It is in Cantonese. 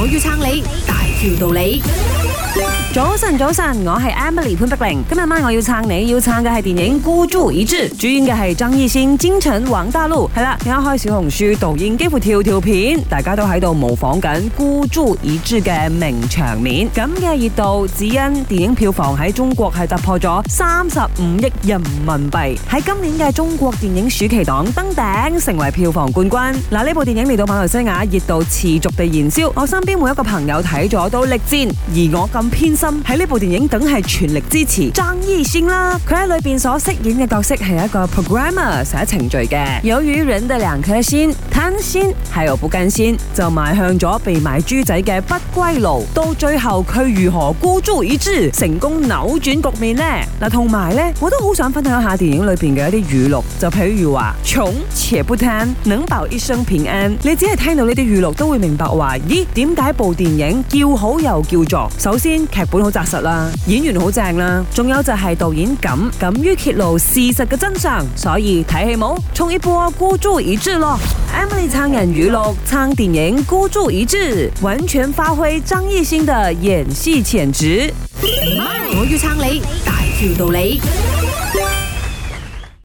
我要撐你，大條道理。早晨，早晨，我係 Emily 潘碧玲。今日晚我要撐你，要撐嘅係電影《孤注一擲》，主演嘅係張藝興、金晨、王大陸。係啦，開開小紅書、導演幾乎跳跳片，大家都喺度模仿緊《孤注一擲》嘅名場面。咁嘅熱度，只因電影票房喺中國係突破咗三十五億人民幣，喺今年嘅中國電影暑期檔登頂，成為票房冠軍。嗱，呢部電影嚟到馬來西亞，熱度持續地燃燒。我身邊每一個朋友睇咗都力薦，而我咁。偏心喺呢部電影，梗係全力支持張藝興啦。佢喺裏邊所飾演嘅角色係一個 programmer，寫程序嘅。由於人得兩顆心，貪心，係又不甘心。就邁向咗被賣豬仔嘅不歸路。到最後佢如何孤注一擲，成功扭轉局面呢？嗱，同埋呢，我都好想分享下電影裏邊嘅一啲語錄，就譬如話，寵且不聽，能保一生平安。你只係聽到呢啲語錄，都會明白話，咦，點解部電影叫好又叫座？首先劇本好紮實啦，演員好正啦，仲有就係導演敢敢於揭露事實嘅真相，所以睇戲冇衝一波孤注一擲咯。Emily 撐人語錄，撐電影孤注一擲，完全發揮張藝興嘅演戲潛質。我要撐你，大條道理。